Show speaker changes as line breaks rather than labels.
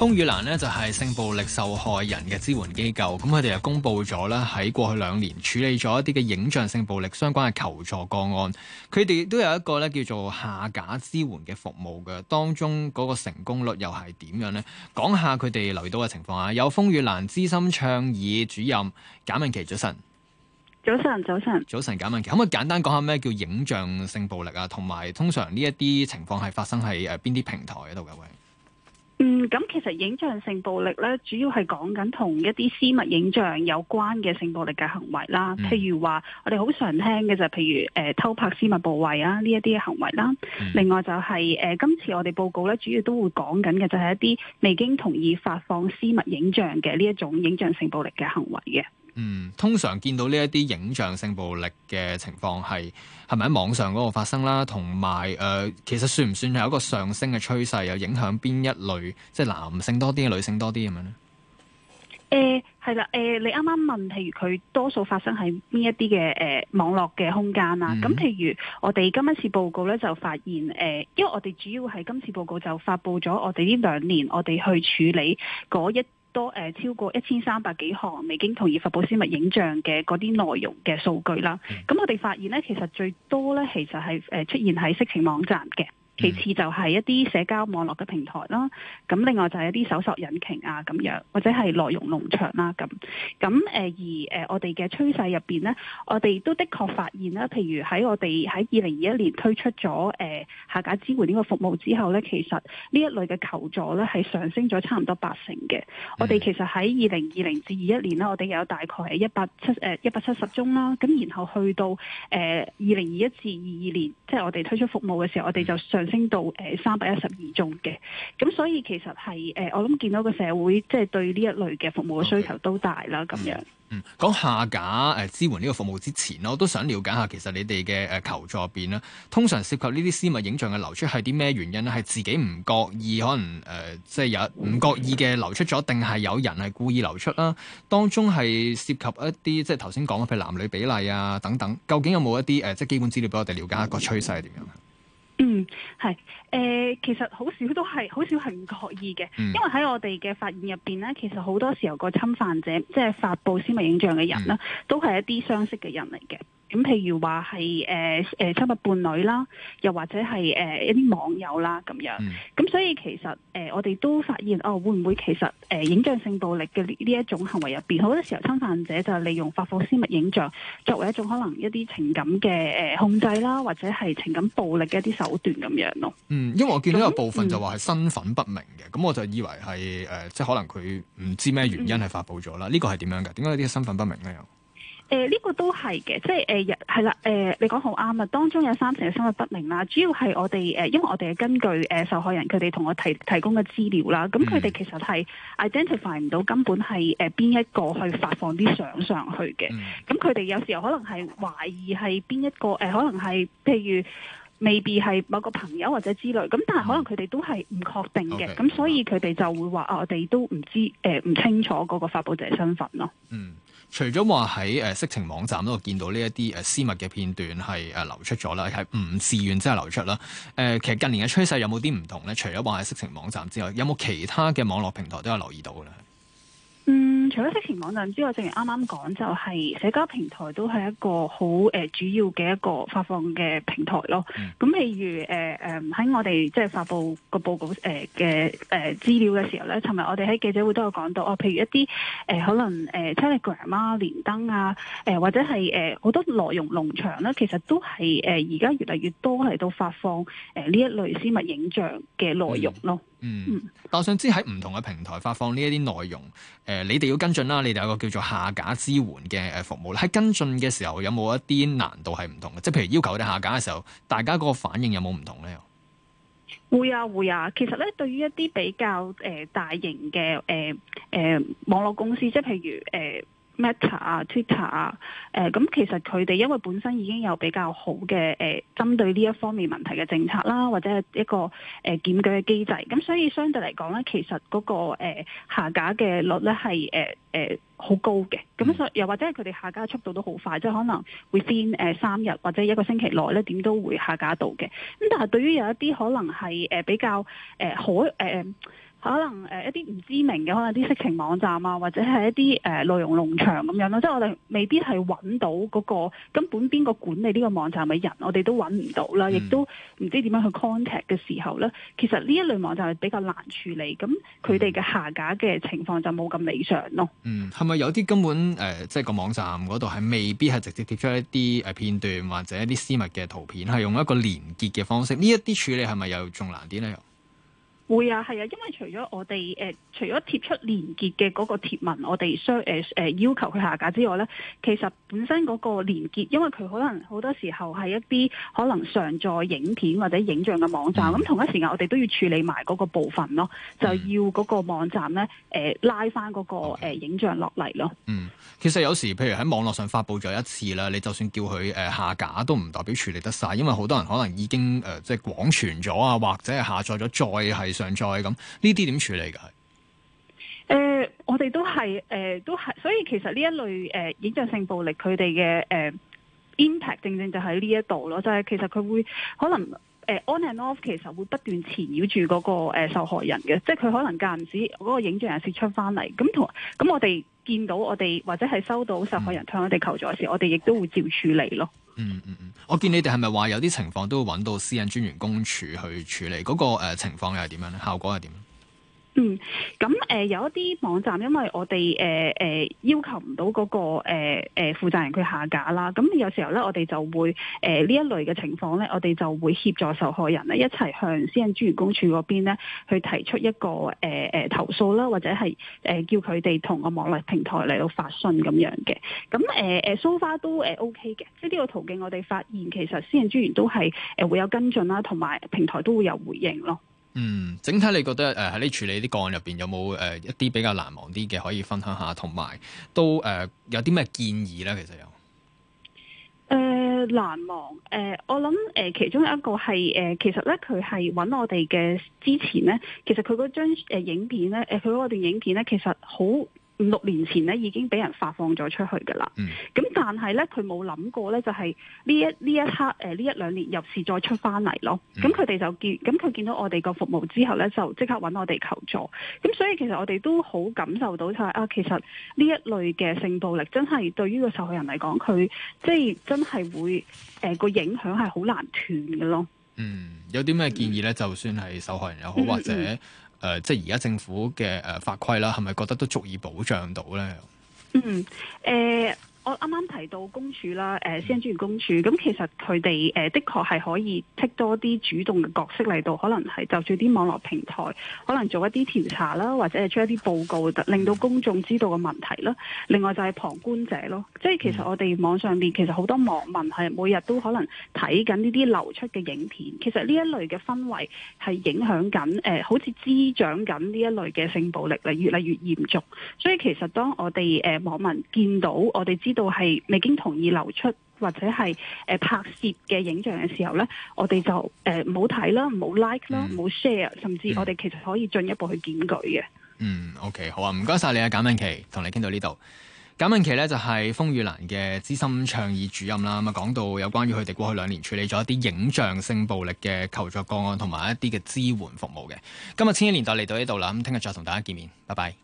風雨蘭咧就係、是、性暴力受害人嘅支援機構，咁佢哋又公布咗啦，喺過去兩年處理咗一啲嘅影像性暴力相關嘅求助個案，佢哋亦都有一個咧叫做下架支援嘅服務嘅，當中嗰個成功率又係點樣呢？講下佢哋留意到嘅情況啊！有風雨蘭資深倡議主任簡敏棋早，早晨，早晨、早晨、早晨簡敏棋，可唔可以簡單講下咩叫影像性暴力啊，同埋通常呢一啲情況係發生喺誒邊啲平台度嘅，喂？
咁其實影像性暴力咧，主要係講緊同一啲私密影像有關嘅性暴力嘅行為啦。譬如話，我哋好常聽嘅就係，譬如誒、呃、偷拍私密部位啊呢一啲嘅行為啦。另外就係、是、誒、呃、今次我哋報告咧，主要都會講緊嘅就係一啲未經同意發放私密影像嘅呢一種影像性暴力嘅行為嘅。
嗯，通常見到呢一啲影像性暴力嘅情況，係，係咪喺網上嗰度發生啦？同埋誒，其實算唔算係一個上升嘅趨勢，又影響邊一類，即係男性多啲，女性多啲咁樣
咧？誒，係啦、呃，誒、呃，你啱啱問，譬如佢多數發生喺邊一啲嘅誒網絡嘅空間啊？咁、嗯、譬如我哋今一次報告咧就發現誒，因為我哋主要係今次報告就發佈咗、呃、我哋呢兩年我哋去處理嗰一。多誒、呃、超過一千三百幾項未經同意發布私密影像嘅嗰啲內容嘅數據啦，咁我哋發現咧，其實最多咧，其實係誒、呃、出現喺色情網站嘅。其次就係一啲社交網絡嘅平台啦，咁另外就係一啲搜索引擎啊，咁樣或者係內容農場啦，咁咁誒而誒我哋嘅趨勢入邊呢，我哋都的確發現啦，譬如喺我哋喺二零二一年推出咗誒下架支援呢個服務之後呢，其實呢一類嘅求助呢係上升咗差唔多八成嘅。我哋其實喺二零二零至二一年呢，我哋有大概係一百七誒一百七十宗啦，咁然後去到誒二零二一至二二年，即係我哋推出服務嘅時候，我哋就上升到誒三百一十二宗嘅，咁所以其實係，誒，我諗見到個社會即係對呢一類嘅服務嘅需求都大啦，
咁樣 Okay.、嗯。嗯、講下架誒、呃、支援呢個服務之前我都想了解下，其實你哋嘅誒求助邊啦，通常涉及呢啲私密影像嘅流出係啲咩原因咧？係自己唔覺意可能誒、呃，即係有唔覺意嘅流出咗，定係有人係故意流出啦？當中係涉及一啲即係頭先講嘅，譬如男女比例啊等等，究竟有冇一啲誒、呃、即係基本資料俾我哋了解一個趨勢係點樣？
係誒、嗯呃，其實好少都係好少係唔覺意嘅，嗯、因為喺我哋嘅發現入邊咧，其實好多時候個侵犯者即係發佈私密影像嘅人咧，嗯、都係一啲相識嘅人嚟嘅。咁譬如話係誒誒親密伴侶啦，又或者係誒、呃、一啲網友啦咁樣。咁、嗯、所以其實誒、呃、我哋都發現哦，會唔會其實誒、呃、影像性暴力嘅呢一,一種行為入邊，好多時候侵犯者就係利用發放私密影像作為一種可能一啲情感嘅誒控制啦，或者係情感暴力嘅一啲手段咁樣咯。嗯，
因為我見到有部分就話係身份不明嘅，咁、嗯、我就以為係誒、呃、即係可能佢唔知咩原因係發布咗啦。呢個係點樣㗎？點解有啲身份不明咧？
誒呢、呃這個都係嘅，即係誒，係、呃、啦，誒、呃呃，你講好啱啊！當中有三成嘅身份不明啦，主要係我哋誒、呃，因為我哋係根據誒、呃、受害人佢哋同我提提供嘅資料啦，咁佢哋其實係 identify 唔到根本係誒邊一個去發放啲相上去嘅，咁佢哋有時候可能係懷疑係邊一個誒、呃，可能係譬如未必係某個朋友或者之類，咁但係可能佢哋都係唔確定嘅，咁、嗯、所以佢哋就會話啊，我哋都唔知誒，唔、呃、清楚嗰個發佈者身份咯，嗯。嗯。
除咗話喺誒色情網站嗰度見到呢一啲誒私密嘅片段係誒流出咗啦，係唔自願即係流出啦。誒、呃，其實近年嘅趨勢有冇啲唔同咧？除咗話係色情網站之外，有冇其他嘅網絡平台都有留意到咧？
除咗色情網站之外，正如啱啱講，就係、是、社交平台都係一個好誒、呃、主要嘅一個發放嘅平台咯。咁譬、嗯、如誒誒，喺、呃、我哋即係發布個報告誒嘅誒資料嘅時候咧，尋日我哋喺記者會都有講到哦。譬如一啲誒、呃、可能誒、呃、Telegram 啊、連登啊、誒、呃、或者係誒好多內容農場咧，其實都係誒而家越嚟越多嚟到發放誒呢、呃、一類私密影像嘅內容咯。嗯。嗯，但我想知
喺唔同嘅平台發放呢一啲內容，誒、呃，你哋要跟進啦，你哋有個叫做下架支援嘅誒服務啦，喺跟進嘅時候，有冇一啲難度係唔同嘅？即係譬如要求你下架嘅時候，大家嗰個反應有冇唔同咧？
會啊會啊，其實咧對於一啲比較誒、呃、大型嘅誒誒網絡公司，即係譬如誒。呃 Meta 啊、Meta, Twitter 啊、呃，誒咁其實佢哋因為本身已經有比較好嘅誒針對呢一方面問題嘅政策啦，或者係一個誒檢、呃、舉嘅機制，咁所以相對嚟講咧，其實嗰、那個、呃、下架嘅率咧係誒誒好高嘅，咁所又或者係佢哋下架嘅速度都好快，即係可能會先誒三日或者一個星期內咧點都會下架到嘅。咁但係對於有一啲可能係誒、呃、比較誒可誒。呃呃可能誒一啲唔知名嘅，可能啲色情網站啊，或者係一啲誒內容農場咁樣咯，即係我哋未必係揾到嗰、那個根本邊個管理呢個網站嘅人，我哋都揾唔到啦，亦、嗯、都唔知點樣去 contact 嘅時候咧，其實呢一類網站係比較難處理，咁佢哋嘅下架嘅情況就冇咁理想咯。嗯，
係咪有啲根本誒，即、呃、係、就是、個網站嗰度係未必係直接貼出一啲誒片段或者一啲私密嘅圖片，係用一個連結嘅方式？呢一啲處理係咪又仲難啲咧？
會啊，係啊，因為除咗我哋誒、呃，除咗貼出連結嘅嗰個貼文我，我哋需誒要求佢下架之外呢，其實本身嗰個連結，因為佢可能好多時候係一啲可能上載影片或者影像嘅網站，咁、嗯、同一時間我哋都要處理埋嗰個部分咯，嗯、就要嗰個網站呢，誒、呃、拉翻嗰、嗰個、嗯呃、影像落嚟咯。嗯，
其實有時譬如喺網絡上發布咗一次啦，你就算叫佢誒、呃、下架都唔代表處理得晒，因為好多人可能已經誒即係廣傳咗啊，或者係下載咗再係。再尚在咁，呢啲點處理噶？
誒，我哋都係誒、呃，都係，所以其實呢一類誒、呃，影像性暴力佢哋嘅誒 impact，正正就喺呢一度咯，就係、是、其實佢會可能誒、呃、on and off，其實會不斷纏繞住嗰個誒、呃、受害人嘅，即係佢可能間唔時嗰個影像人士出翻嚟，咁同咁我哋見到我哋或者係收到受害人向我哋求助嘅時候，嗯、我哋亦都會照處理咯。
嗯嗯嗯，我見你哋係咪話有啲情況都會揾到私隱專員公署去處理嗰、那個誒、呃、情況又係點樣咧？效果又係點？
嗯，咁誒、呃、有一啲網站，因為我哋誒誒要求唔到嗰、那個誒誒、呃呃、負責人佢下架啦，咁有時候咧，我哋就會誒呢、呃、一類嘅情況咧，我哋就會協助受害人咧一齊向私隱專員公署嗰邊咧去提出一個誒誒、呃、投訴啦，或者係誒、呃、叫佢哋同個網絡平台嚟到發信咁樣嘅。咁誒誒 so far 都誒、呃、OK 嘅，即係呢個途徑，我哋發現其實私隱專員都係誒會有跟進啦，同埋平台都會有回應咯。
嗯，整體你覺得誒喺、呃、你處理啲個案入邊有冇誒、呃、一啲比較難忘啲嘅可以分享下，同埋都誒有啲咩建議咧？其實有
誒、呃、難忘誒、呃，我諗誒、呃、其中有一個係誒其實咧佢係揾我哋嘅之前咧，其實佢嗰張誒影片咧，誒佢嗰段影片咧、呃，其實好，五六年前咧已經俾人發放咗出去㗎喇，咁、嗯、但係咧佢冇諗過咧就係呢一呢一刻誒呢、呃、一兩年入市再出返嚟咯，咁佢哋就見，咁佢見到我哋個服務之後咧就即刻搵我哋求助，咁所以其實我哋都好感受到就係、是、啊，其實呢一類嘅性暴力真係對於個受害人嚟講，佢即係真係會誒個、呃、影響係好難斷嘅咯。
嗯，有啲咩建議咧？就算係受害人又好，或者誒、呃，即係而家政府嘅誒法規啦，係咪覺得都足以保障到咧？嗯，
誒、呃。我啱啱提到公署啦，誒、呃，私隱專員公署，咁其實佢哋誒的確係可以 take 多啲主動嘅角色嚟到，可能係就住啲網絡平台，可能做一啲調查啦，或者係出一啲報告，令到公眾知道嘅問題啦。另外就係旁觀者咯，即係其實我哋網上邊其實好多網民係每日都可能睇緊呢啲流出嘅影片，其實呢一類嘅氛圍係影響緊誒、呃、好似滋長緊呢一類嘅性暴力，嚟越嚟越嚴重。所以其實當我哋誒、呃、網民見到我哋知呢度係未經同意流出或者係誒拍攝嘅影像嘅時候咧，我哋就誒唔好睇啦，唔好 like 啦，唔好 share，甚至我哋其實可以進一步去檢舉嘅。嗯，嗯， 嗯
，OK，好啊，唔該晒你啊，簡敏棋，同你傾到呢度。簡敏棋咧就係風雨蘭嘅資深倡議主任啦，咁啊講到有關於佢哋過去兩年處理咗一啲影像性暴力嘅求助個案同埋一啲嘅支援服務嘅。今日千禧年代就嚟到呢度啦，咁聽日再同大家見面，拜拜。